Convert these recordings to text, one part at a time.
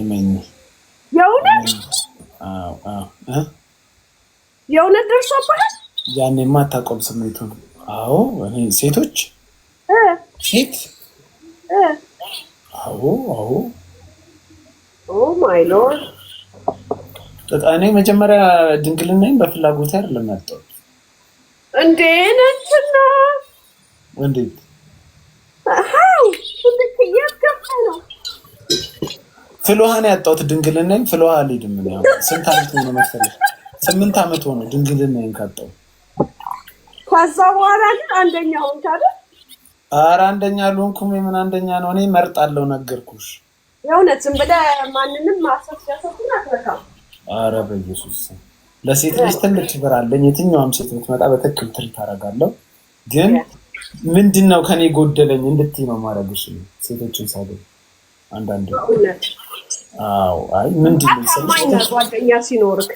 እመኝ የእውነት የእውነት ደርሶብሃል። ያኔ የማታቆም ስሜቱን። አዎ እኔ ሴቶች ሴት አዎ አዎ ማይ ሎርድ እኔ መጀመሪያ ድንግልናዬን በፍላጎት አይደለም ያጣሁት። እንዴ ነትና እንዴት ሀው ትልቅ እያስገባ ነው ፍልሃን ያጣሁት ድንግልናኝ ፍልሃ አልሄድም። ስንት ዓመት ሆነ መሰለሽ? ስምንት ዓመት ሆነ ድንግልናኝ ካጣሁ። ከዛ በኋላ ግን አንደኛ ሆንክ አይደል? ኧረ አንደኛ አልሆንኩም። የምን አንደኛ ነው? እኔ መርጣለሁ፣ ነገርኩሽ። የእውነት ዝም ብለህ ማንንም ማሰብ ሲያሰብኩን አትረካም። በኢየሱስ ለሴት ልጅ ትልቅ ክብር አለኝ። የትኛውም ሴት ብትመጣ በትክክል ትሪት አደርጋለሁ። ግን ምንድን ነው ከኔ ጎደለኝ እንድትይ ነው ማድረግሽ ሴቶችን ሳገኝ አንዳንድ ጓደኛ ሲኖርክ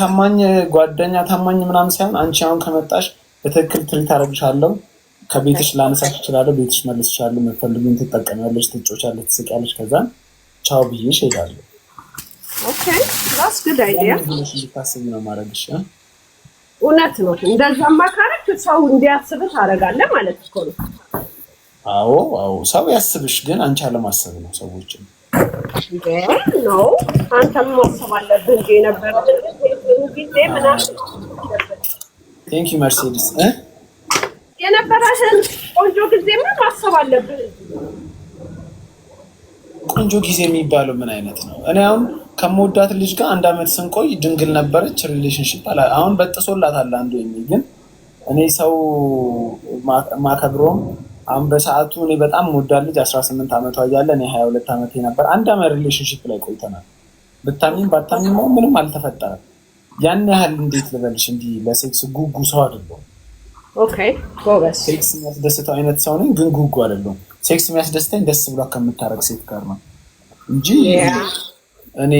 ታማኝ ጓደኛ ታማኝ ምናምን ሳይሆን አንቺ አሁን ከመጣሽ በትክክል ትሪት አደርግሻለሁ። ከቤትሽ ላነሳሽ እችላለሁ። ቤትሽ መልስ ይችላሉ። የምትፈልጊውን ትጠቀሚያለሽ፣ ትጮቻለሽ፣ ትስቂያለሽ። ከዛን ቻው ብዬ እሄዳለሁ። እንድታስቢ ነው ማድረግሽ። እውነት ነው። እንደዛማ ካረግ ሰው እንዲያስብህ ታደርጋለህ ማለት እኮ ነው። አዎ አዎ፣ ሰው ያስብሽ፣ ግን አንቺ አለማሰብ ነው። ሰዎችን ነው አንተም ቴንክ ዩ መርሴዲስ። የነበረሽን ቆንጆ ጊዜማ ማሰብ አለብህ። ቆንጆ ጊዜ የሚባለው ምን አይነት ነው? እኔ አሁን ከምወዳት ልጅ ጋር አንድ አመት ስንቆይ ድንግል ነበረች። ሪሌሽንሽፕ አላ አሁን በጥሶላታል አንዱ የሚል ግን እኔ ሰው ማከብሮም አሁን በሰዓቱ እኔ በጣም ወዳት ልጅ አስራ ስምንት ዓመቷ እያለ እኔ ሀያ ሁለት ነበር። አንድ ዓመት ሪሌሽንሽፕ ላይ ቆይተናል። ብታሚም ባታሚም ምንም አልተፈጠረም። ያን ያህል እንዴት ልበልሽ፣ እንዲህ ለሴክስ ጉጉ ሰው አይደለሁም። ሴክስ የሚያስደስተው አይነት ሰው ነኝ፣ ግን ጉጉ አይደለሁም። ሴክስ የሚያስደስተኝ ደስ ብሎ ከምታረግ ሴት ጋር ነው እንጂ እኔ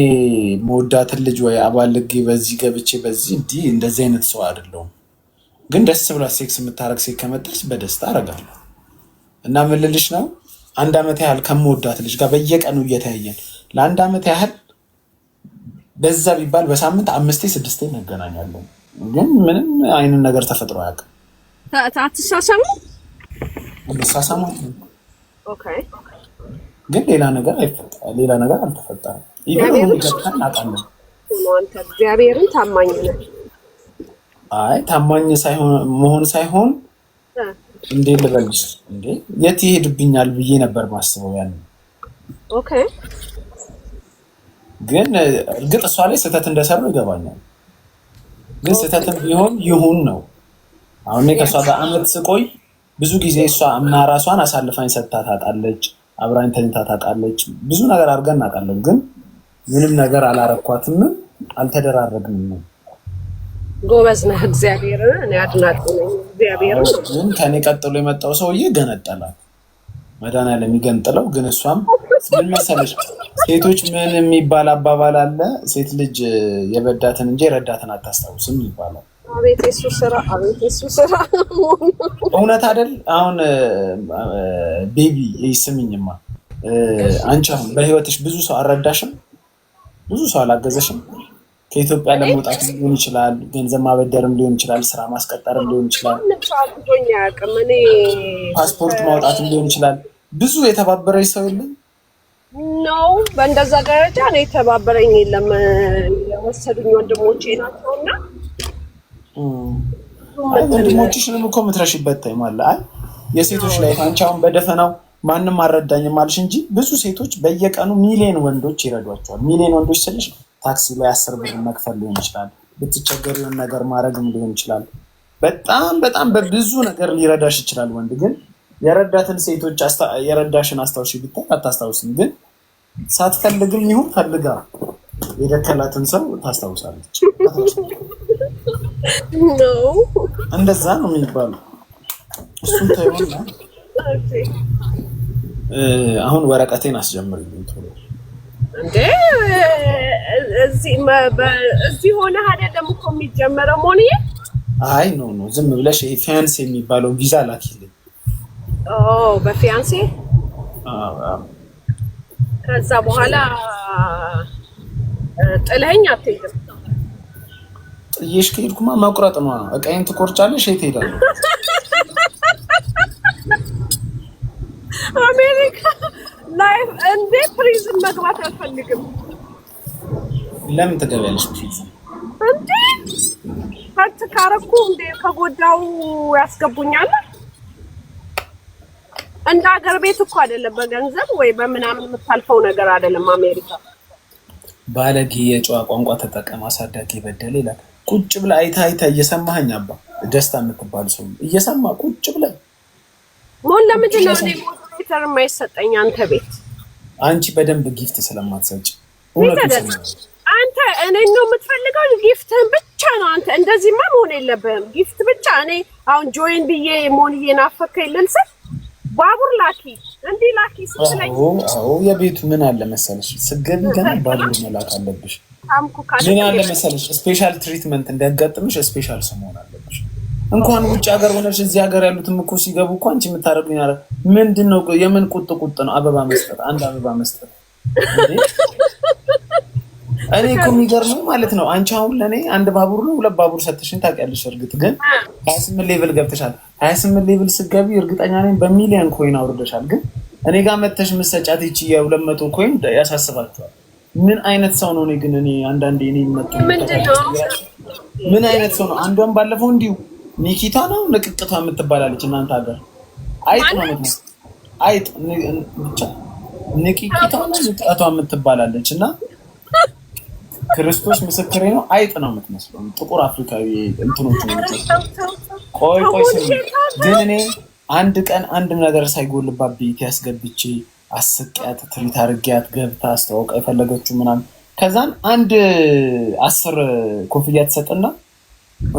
መወዳትን ልጅ ወይ አባልጌ በዚህ ገብቼ በዚህ እንዲህ እንደዚህ አይነት ሰው አይደለሁም። ግን ደስ ብሎ ሴክስ የምታረግ ሴት ከመጣች በደስታ አረጋለሁ። እና ምን ልልሽ ነው አንድ ዓመት ያህል ከምወዳት ልጅ ጋር በየቀኑ እየተያየን ለአንድ ዓመት ያህል በዛ ቢባል በሳምንት አምስቴ ስድስቴ እንገናኛለን። ግን ምንም አይነት ነገር ተፈጥሮ አያውቅም። አትሳሳሙ ሳሳሙ ግን ሌላ ነገር አይፈጠርም። ሌላ ነገር አልተፈጠረም። እግዚአብሔርን ታማኝ ነ አይ ታማኝ መሆን ሳይሆን እንዴ ልበልሽ እንዴ የት ይሄድብኛል ብዬ ነበር ማስበው። ያን ግን እርግጥ እሷ ላይ ስህተት እንደሰሩ ይገባኛል። ግን ስህተትም ቢሆን ይሁን ነው። አሁን ከእሷ ጋር አመት ስቆይ ብዙ ጊዜ እሷ እና ራሷን አሳልፋኝ ሰጥታ ታውቃለች። አብራኝ ተኝታ ታውቃለች። ብዙ ነገር አድርገን እናውቃለን። ግን ምንም ነገር አላረኳትም፣ አልተደራረግንም። ጎበዝ ነህ። እግዚአብሔር እኔ አድናቂ ነኝ። እግዚአብሔር ከኔ ቀጥሎ የመጣው ሰውዬ ገነጠላል። መድኃኒዓለም የሚገንጥለው ግን እሷም ምን መሰለሽ፣ ሴቶች ምን የሚባል አባባል አለ፣ ሴት ልጅ የበዳትን እንጂ የረዳትን አታስታውስም ይባላል። አቤት የሱ ስራ፣ አቤት የሱ ስራ። እውነት አይደል? አሁን ቤቢ ስሚኝማ፣ አንቺ አሁን በህይወትሽ ብዙ ሰው አልረዳሽም፣ ብዙ ሰው አላገዘሽም ከኢትዮጵያ ለመውጣት ሊሆን ይችላል፣ ገንዘብ ማበደርም ሊሆን ይችላል፣ ስራ ማስቀጠርም ሊሆን ይችላል፣ ፓስፖርት ማውጣትም ሊሆን ይችላል። ብዙ የተባበረች ሰው የለም ነው። በእንደዛ ደረጃ ነው የተባበረኝ የለም። የወሰዱኝ ወንድሞቼ ናቸው እና ወንድሞችሽንም እኮ የምትረሽበት ታይማለ። አይ የሴቶች ላይ አንቺ በደፈናው ማንም አልረዳኝም አልሽ እንጂ ብዙ ሴቶች በየቀኑ ሚሊዮን ወንዶች ይረዷቸዋል። ሚሊዮን ወንዶች ስልሽ ነው ታክሲ ላይ አስር ብር መክፈል ሊሆን ይችላል። ብትቸገር የሆነ ነገር ማድረግም ሊሆን ይችላል። በጣም በጣም በብዙ ነገር ሊረዳሽ ይችላል። ወንድ ግን የረዳትን ሴቶች የረዳሽን አስታውሽ ቢታይ አታስታውስም። ግን ሳትፈልግም ይሁን ፈልጋ የደከላትን ሰው ታስታውሳለች። እንደዛ ነው የሚባለው። እሱን ታይሆን አሁን ወረቀቴን አስጀምርልኝ ቶሎ እንዴ እዚህ ሆነ አይደለም እኮ የሚጀመረው ሞንዬ። አይ ኖ ኖ ዝም ብለሽ ፊያንሴ የሚባለውን ቪዛ ላኪልኝ። ኦ በፊያንሴ ከዛ በኋላ ጥለኸኝ አትሄድም። ጥዬሽ ከሄድኩማ መቁረጥ ነው። እቃዬን ትቆርጫለሽ፣ የት እሄዳለሁ? ውስጥ መግባት አልፈልግም። ለምን ትገቢያለሽ? እንዴ ፈት ካረኩ እንዴ ከጎዳው ያስገቡኛል። እንደ ሀገር ቤት እኮ አይደለም በገንዘብ ወይ በምናምን የምታልፈው ነገር አይደለም። አሜሪካ ባለጌ የጨዋ ቋንቋ ተጠቀም። አሳዳጊ በደል ይላል። ቁጭ ብለህ አይታ አይታ እየሰማኸኝ አባ ደስታ የምትባል ሰው እየሰማ ቁጭ ብለህ ሞን ለምንድን ነው ሞዴሬተር የማይሰጠኝ አንተ ቤት አንቺ በደንብ ጊፍት ስለማትሰጭ አንተ እኔ ነው የምትፈልገው? ጊፍትህን ብቻ ነው አንተ። እንደዚህማ መሆን የለብህም። ጊፍት ብቻ እኔ አሁን ጆይን ብዬ ሞንዬን አፈከኝ ልል ስል ባቡር ላኪ እንዲህ ላኪ ስትለኝ፣ የቤቱ ምን አለ መሰለሽ፣ ስገቢ ገና ባቡር መላክ አለብሽ። ምን አለ መሰለሽ፣ ስፔሻል ትሪትመንት እንዲያጋጥምሽ ስፔሻል ስም እንኳን ውጭ ሀገር ሆነሽ እዚህ ሀገር ያሉትም እኮ ሲገቡ እኮ አንቺ የምታደርጉኝ አለ። ምንድን ነው የምን ቁጥ ቁጥ ነው? አበባ መስጠት፣ አንድ አበባ መስጠት። እኔ እኮ የሚገርመው ማለት ነው አንቺ አሁን ለእኔ አንድ ባቡር ነው ሁለት ባቡር ሰተሽን ታውቂያለሽ። እርግጥ ግን ሀያ ስምንት ሌቭል ገብተሻል። ሀያ ስምንት ሌቭል ስትገቢ እርግጠኛ ነኝ በሚሊዮን ኮይን አውርደሻል። ግን እኔ ጋር መተሽ ምሰጫት ይቺ የሁለት መቶ ኮይን ያሳስባቸዋል። ምን አይነት ሰው ነው? እኔ ግን እኔ አንዳንዴ እኔ ምን አይነት ሰው ነው? አንዷን ባለፈው እንዲሁ ኒኪታ ነው ንቅቅቷ የምትባላለች እናንተ ሀገር አይጥ ማለት ነው። አይጥ ብቻ ንቅቂቷ ነው ንቅቷ የምትባላለች እና ክርስቶስ ምስክሬ ነው። አይጥ ነው የምትመስለው። ጥቁር አፍሪካዊ እንትኖች ነው። ቆይ ቆይ ስሚ፣ ግን እኔ አንድ ቀን አንድ ነገር ሳይጎልባት ቤት ያስገብቼ አስቂያት ትሪት አድርጊያት ገብታ አስተዋውቃ የፈለገችው ምናምን ከዛን አንድ አስር ኮፍያ ትሰጥና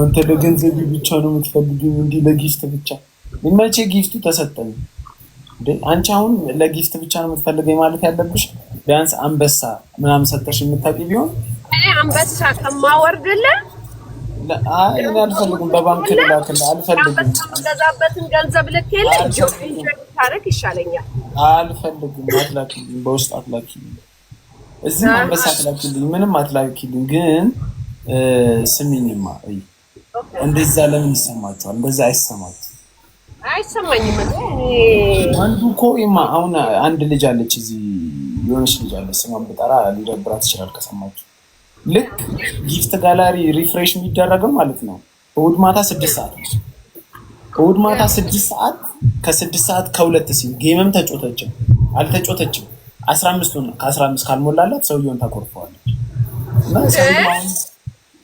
አንተ ለገንዘብ ብቻ ነው የምትፈልጊው፣ እንዲህ ለጊፍት ብቻ መቼ ጊፍቱ ተሰጠኝ? አንቺ አሁን ለጊፍት ብቻ ነው የምትፈልገኝ ማለት ያለብሽ ቢያንስ አንበሳ ምናምን ሰጠሽ የምታውቂ ቢሆን እኔ አንበሳ ከማወርድልህ አልፈልግም። በባንክ ልላክል አልፈልግም። ገዛበትን ገንዘብ ልክል ታረግ ይሻለኛል። አልፈልግም። አትላኪልኝ፣ በውስጥ አትላኪልኝ፣ እዚህም አንበሳ አትላኪልኝ፣ ምንም አትላኪልኝ። ግን ስሚኝማ እንደዛ ለምን ይሰማችኋል? እንደዛ አይሰማችሁ? አይሰማኝም። አንዱ እኮ ማ አሁን አንድ ልጅ አለች እዚህ የሆነች ልጅ አለች፣ ስሟን ብጠራ ሊደብራት ይችላል ከሰማችሁ። ልክ ጊፍት ጋላሪ ሪፍሬሽ የሚደረገው ማለት ነው እሑድ ማታ ስድስት ሰዓት ነው። እሑድ ማታ ስድስት ሰዓት ከስድስት ሰዓት ከሁለት ሲል ጌምም ተጮተችም አልተጮተችም አስራ አምስቱን ከአስራ አምስት ካልሞላላት ሰውየውን ታኮርፈዋለች።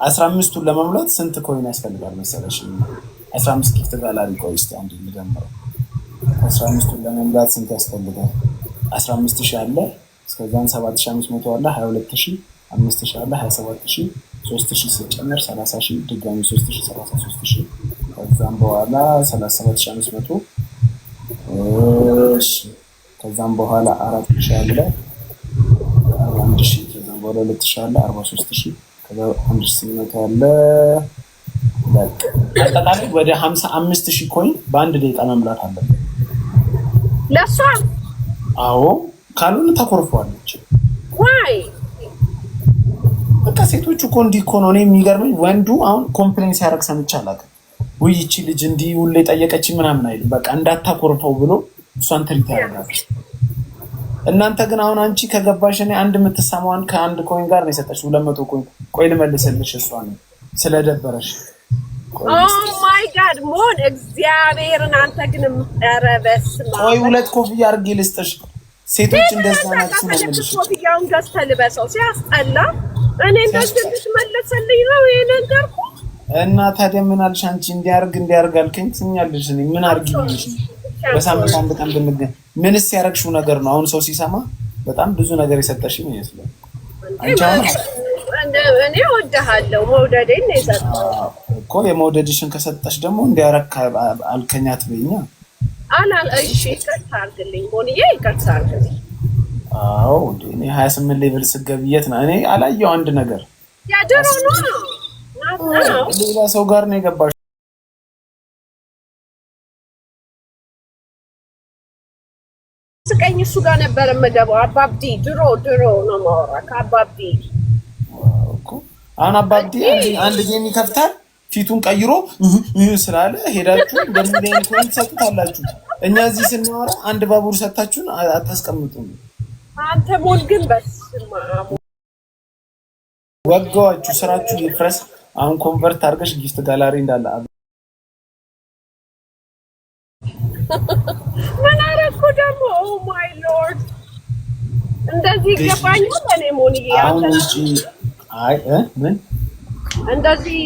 አስራ አምስቱን ለመሙላት ስንት ኮይን ያስፈልጋል መሰለሽ? አስራ አምስት ጊፍት ጋላሪ ቆይ እስኪ አንድ እንጀምረው። አስራ አምስቱን ለመሙላት ስንት ያስፈልጋል? አስራ አምስት ሺህ አለ። እስከዛን ሰባት ሺህ አምስት መቶ አለ። ሀያ ሁለት ሺህ አምስት ሺህ አለ። ሀያ ሰባት ሺህ ሶስት ሺህ ሲጨምር ሰላሳ ሺህ ድጋሚ ሶስት ሺህ ሰላሳ ሶስት ሺህ ከዛም በኋላ ሰላሳ ሰባት ሺህ አምስት መቶ እሺ። ከዛም በኋላ አራት ሺህ አለ። አንድ ሺህ ከዛም በኋላ ሁለት ሺህ አለ። አርባ ሶስት ሺህ አጠቃላይ ወደ ሀምሳ አምስት ሺህ ኮይን በአንድ ደቂቃ መምላት አለበት። ለሷ አዎ፣ ካልሆነ ተኮርፈዋለች። በቃ ሴቶቹ እኮ እንዲህ እኮ ነው። እኔ የሚገርመኝ ወንዱ አሁን ኮምፕሌን ሲያደርግ ሰምቼ አላውቅም። ውይ ይቺ ልጅ እንዲህ ሁሌ ጠየቀች ምናምን አይልም። በቃ እንዳታኮርፈው ብሎ እሷን ትሪት እናንተ ግን አሁን አንቺ ከገባሽ እኔ አንድ የምትሰማዋን ከአንድ ኮይን ጋር ነው ሁለት መቶ ኮይን ቆይ ልመልስልሽ። እሷ ነው ስለደበረሽ። ኦ ማይ ጋድ ሞን እግዚአብሔርን። አንተ ግን ኧረ በስመ አብ። ቆይ ሁለት ኮፍያ አድርጌ ልስጥሽ። ሴቶች እንደዛ ናችሁ ነው የምልሽ። ኮፍያውን ገዝተህ ልበሰው። ሲያስጠላ። እኔ እንደዚህ እንድትመልስልኝ ነው ይሄ ነገር እና ታዲያ ምን አልሽ አንቺ? እንዲያርግ እንዲያርግ አልከኝ ትኛለሽ። እኔ ምን አርግ ልሽ? በሳምንት አንድ ቀን ብንገኝ። ምንስ ያረግሽው ነገር ነው? አሁን ሰው ሲሰማ በጣም ብዙ ነገር የሰጠሽ ይመስላል አንቺ አሁን እኔ ወድሃለሁ። መውደዴን ነው የሰጠው እኮ። የመውደድሽን ከሰጠሽ ደግሞ እንዲያረካ አልከኛት ብኛ አላል። እሺ ይቅርታ አድርግልኝ ቦንዬ፣ ይቅርታ አድርግልኝ። አዎ እንዴ እኔ ሀያ ስምንት ሌብል ስገብየት ነው እኔ አላየው አንድ ነገር ያደረው ነው ሌላ ሰው ጋር ነው የገባሽ ስቀኝ እሱ ጋር ነበር የምገባው። አባብዲ ድሮ ድሮ ነው ማወራ ከአባብዲ እኮ አሁን አባቴ አንድ ጌም ይከፍታል። ፊቱን ቀይሮ ስላለ ሄዳችሁ በሚሊዮን ኮይን እኛ እዚህ ስናወራ አንድ ባቡር ሰታችሁን አታስቀምጡም። አንተ ሞል ግን ወገዋችሁ ስራችሁ ይፍረስ። አሁን ኮንቨርት አድርገሽ ጊፍት ጋላሪ እንዳለ አሉ። ምን አደረኩ ደግሞ? ኦ ማይ ሎርድ እንደዚህ ይገባኛል እኔ ሞኒዬ አይ ምን እንደዚህ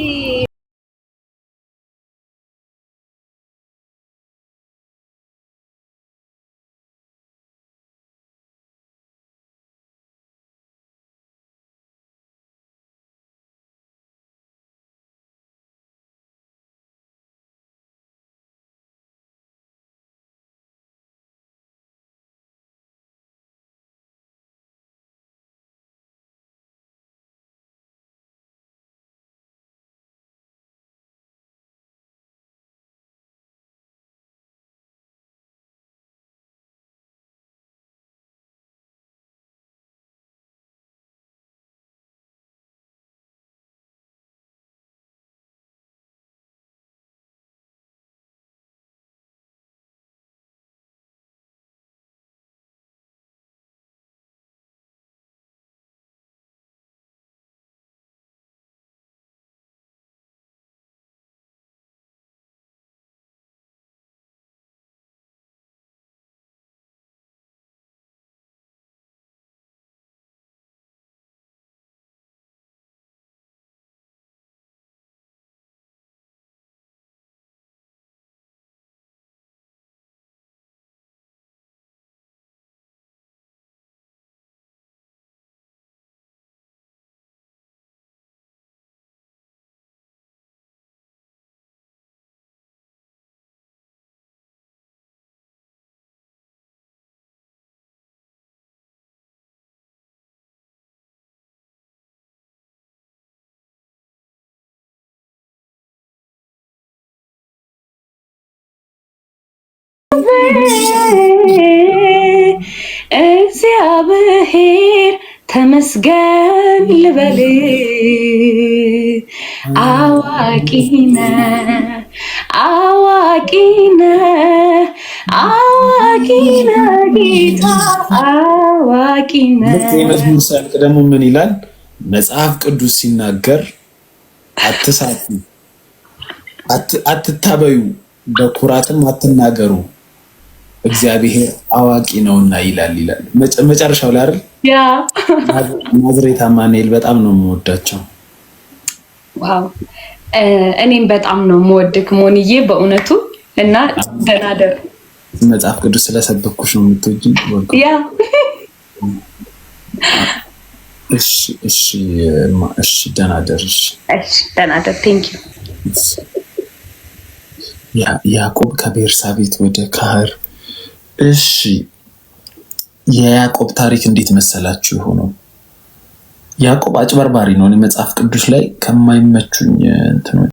እግዚአብሔር ተመስገን ልበል አዋቂነ አዋቂነ አዋቂነ ጌታ አዋቂነ መዝሙር ሲያልቅ ደግሞ ምን ይላል መጽሐፍ ቅዱስ ሲናገር አትሳቱ አትታበዩ በኩራትም አትናገሩ እግዚአብሔር አዋቂ ነውና ይላል ይላል መጨረሻው ላይ አይደል? ያ ናዝሬት አማኑኤል በጣም ነው የምወዳቸው። ዋው እኔም በጣም ነው የምወድክ ሞንዬ በእውነቱ እና ደናደር መጽሐፍ ቅዱስ ስለሰበኩሽ ነው የምትወጂ። ያ እሺ፣ እሺ፣ እሺ፣ ደናደር እሺ፣ ደናደር ቴንክ ዩ ያዕቆብ ከቤርሳቤት ወደ ካህር እሺ የያዕቆብ ታሪክ እንዴት መሰላችሁ የሆነው? ያዕቆብ አጭበርባሪ ነው። እኔ መጽሐፍ ቅዱስ ላይ ከማይመቹኝ እንትኖች